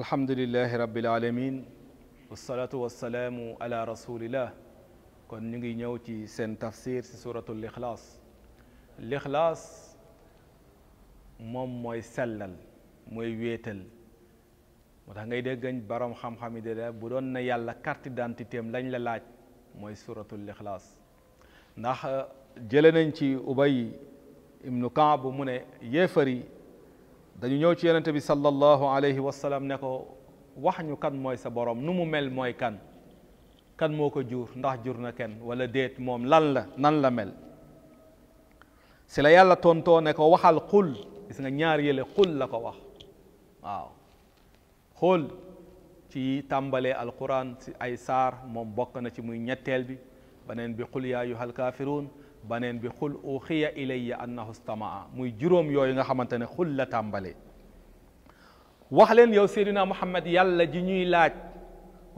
الحمد لله رب العالمين والصلاة والسلام على رسول الله kon ñu ngi ñëw ci seen tafsir si suratul lixlaas lixlaas moom mooy sellal mooy wéetal moo tax ngay déggañ borom xam-xam yi de bu doon na yàlla carte d'identité am lañ la laaj mooy suratul lixlaas ndax jële nañ ci ubay ibnu kaab mu ne yéefar yi dañu ñëw ci yonente bi sallallahu alayhi wa sallam ne ko wax ñu kan mooy sa borom nu mu mel mooy kan kan moo ko jur ndax jur na kenn wala déet moom lan la nan la mel si la yàlla tontoo ne ko waxal xul gis nga ñaar yële xul la ko wax waaw xul ci tàmbalee alquran si ay saar moom bokk na ci muy ñetteel bi beneen bi xul yaa ayuha alkaafiruun بنين بخل أخي إلي أنه استماع مي جروم يو ينغا خمانتاني خل لا تنبالي وحلين يو سيدنا محمد يالا جنوي لاج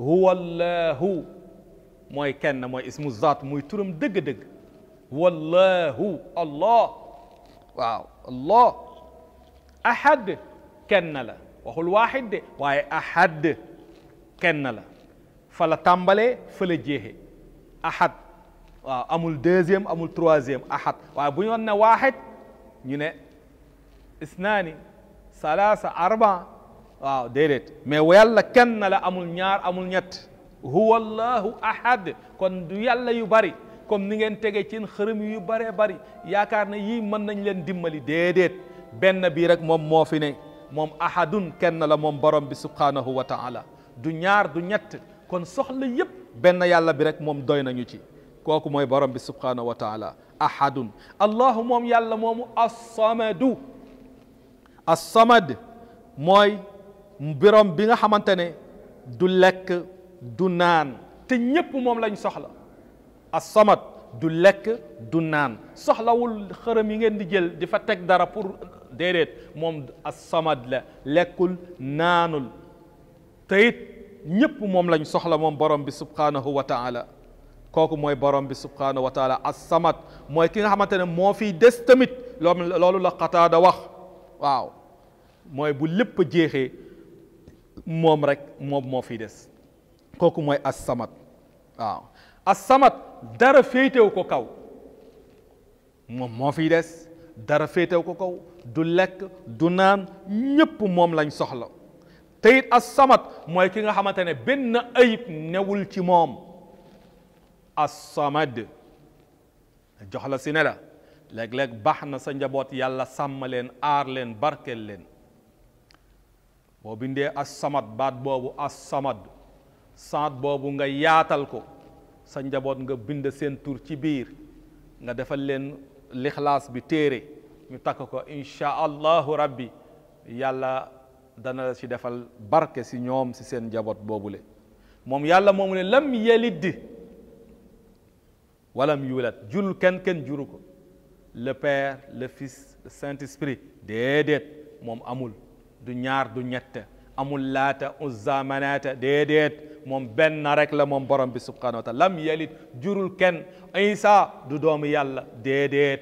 هو الله موي كان موي اسم الزات موي تروم دق دق هو الله الله واو الله أحد كان لا وهو الواحد واي أحد كان لا فلا تنبالي فلا جيه أحد waaw amul deuxième amul troisième ahad waaye bu ñu wan ne waaxid ñu ne isnaani salaasa arba waaw déedéet mais yàlla kenn la amul ñaar amul ñett huwa allahu ahad kon du yàlla yu bari comme ni ngeen tege ci xërëm yu baree bari yaakaar na yii mën nañ leen dimbali déedéet benn bi rek moom moo fi ne moom ahadun kenn la moom borom bi subhanahu wa taala du ñaar du ñett kon soxla yépp benn yàlla bi rek moom doy nañu ci kooku mooy borom bi subhanahu wa taala ahadun allahu moom yàlla moomu assamadu assamad mooy borom bi nga xamante ne du lekk du naan te ñépp moom lañ soxla assamad du lekk du naan soxlawul xërëm yi ngeen di jël di fa teg dara pour déedéet moom assamad la lekkul naanul te it ñépp moom lañ soxla moom borom bi subhanahu wa taala koku moy borom bi subhanahu wa taala as-samad moy ki nga xamantene mo fi fiy des tamit lolu la xataada wax waw moy bu lépp jexé mom rek moom moo fiy des as-samad waw as-samad dara féetewu ko kaw mom mo fi des dara féetewu ko kaw du lek du nan ñépp mom lañ soxla tayit as-samad moy ki nga xamantene ben ayib newul ci mom as-samad jox la si ne la léeg-léeg baax na sa njaboot yàlla sàmm leen aar leen barkeel leen boo bindee as-samad baat boobu as-samad saat boobu nga yaatal ko sa njaboot nga bind seen tur ci biir nga defal leen lixlaas bi téere ñu takk ko insha allahu rabbi yàlla dana la ci defal barke si ñoom si seen njaboot boobule moom yàlla moomu ne lam yalid ولم يولد جل kenn kenn جروكو le père le fils le saint esprit dedet mom amul du ñaar du ñett amul lata uzza dedet mom ben benn rek la mom borom bi subhanahu wa taala lam yalid jurul ken isa du doomu yàlla dedet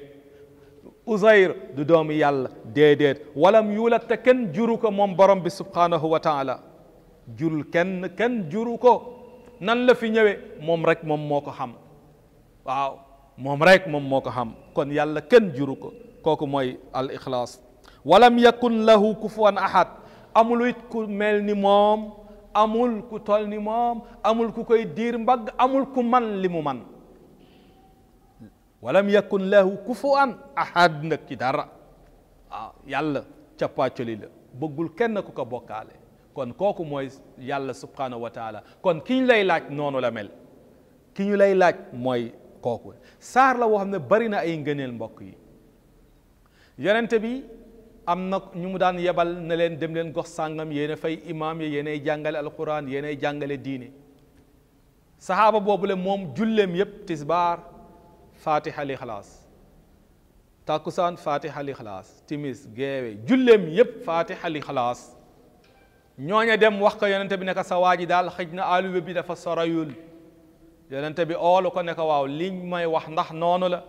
uzair du doomu yàlla dedet walam yulat te kenn juru ko borom bi subhanahu wa taala jurul ken ken juruko nan la fi ñewé mom rek mom moko xam waaw moom rek moom moo ko xam kon yàlla kenn juru ko kooku mooy al ixlaas walam yakun lahu kufuwan ahad amul it ku mel ni moom amul ku tol ni moom amul ku koy diir mbagg amul ku man li mu man walam yakun lahu kufuwan ahad nag ci dara waaw yàlla cappacoli la bëggul kenn ku ko bokkaale kon kooku mooy yàlla subhanahu wa taala kon ki ñu lay laaj noonu la mel ki ñu lay laaj mooy kooku saar la woo xam ne bari na ay ngëneel mbokk yi yonente bi am na ñu mu daan yebal na leen dem leen gox sàngam yéen a fay imaam yi yéenay jàngale alquran yéenay jàngale diine saxaaba boobu le moom julleem yépp tisbaar fatiha li xalaas tàkkusaan fatiha li xalaas timis gewe julleem yépp fatiha li xalaas ñooña dem wax ko yonente bi ne ko sa waa ji daal xëj bi dafa sorayul yonente bi oolu ko ne ko waaw liñ may wax ndax noonu la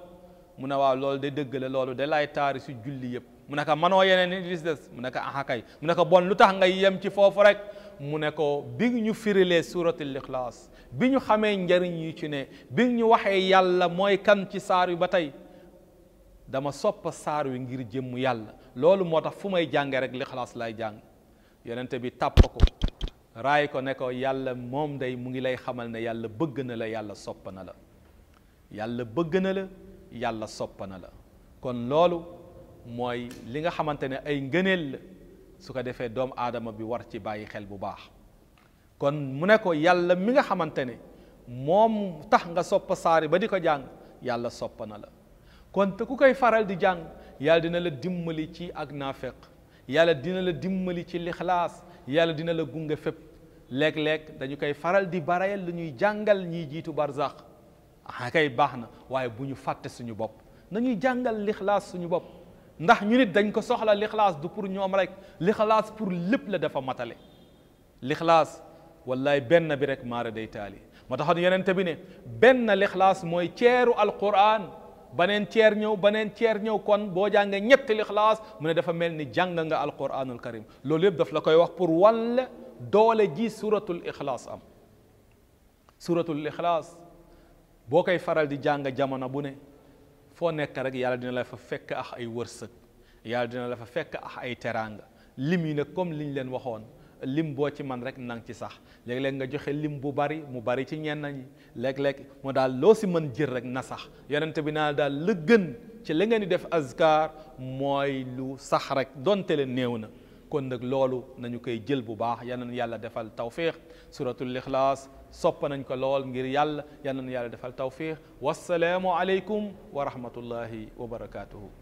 mu ne waaw loolu de dëgg la loolu de lay taari si julli yëpp mu ne ko manoo yeneen ni des mu ne ko aha kay mu ne ko bon lu tax nga yem ci foofu rek mu ne ko bi ñu firilee suratul ixlaas bi ñu xamee njariñ yi ci ne bi ñu waxee yàlla mooy kan ci saar wi ba tey dama soppa saar ngir jëmm yàlla loolu moo tax fu may jànge rek lixlaas lay jàng yonente bi tàpp ko raay ko ne ko yàlla moom day mu ngi lay xamal ne yàlla bëgg na la yàlla sopp na la yàlla bëgg na la yàlla sopp na la kon loolu mooy li nga xamante ne ay ngëneel la su ko defee doomu aadama bi war ci bàyyi xel bu baax kon mu ne ko yàlla mi nga xamante ne moom tax nga sopp saari ba di ko jàng yàlla sopp na la kon te ku koy faral di jàng yàlla dina la dimbali ci ak naafeq yàlla dina la dimbali ci lixlaas yàlla dina la gunge fépp léeg-léeg dañu koy faral di barayal lu ñuy jàngal ñiy jiitu barzax ah kay baax na waaye bu ñu fàtte suñu bopp nañuy jàngal lixlaas suñu bopp ndax ñu nit dañ ko soxla lixlaas du pour ñoom rek lixlaas pour lépp la dafa matale lixlaas wallaay benn bi rek maara day taali ma taxoon yonent bi ne benn lixlaas mooy ceeru alquran baneen ceer ñëw baneen ceer ñëw kon boo jànge ñetti lixlaas mu ne dafa mel ni jàng nga alquranul karim loolu yëpp daf la koy wax pour wàll doole ji suratul ixlaas am suratul ixlaas boo koy faral di jàng jamono bu ne foo nekk rek yàlla dina la fa fekk ax ay wërsëg yàlla dina la fa fekk ax ay teraanga lim yi nag comme liñ leen waxoon lim boo ci man rek nang ci sax léeg-léeg nga joxe lim bu bari mu bari ci ñenn ñi léeg-léeg mu daal loo si mën jël rek na sax yonent bi naa daal la gën ci la ngeen di def azkar mooy lu sax rek donte le néew na kon nak lolu nañu koy jël bu baax yal nañu yàlla defal tawfiq suratul ikhlas sop nañ ko lol ngir yàlla yal nañu yàlla defal tawfiq wassalamu alaykum wa rahmatullahi wa barakatuh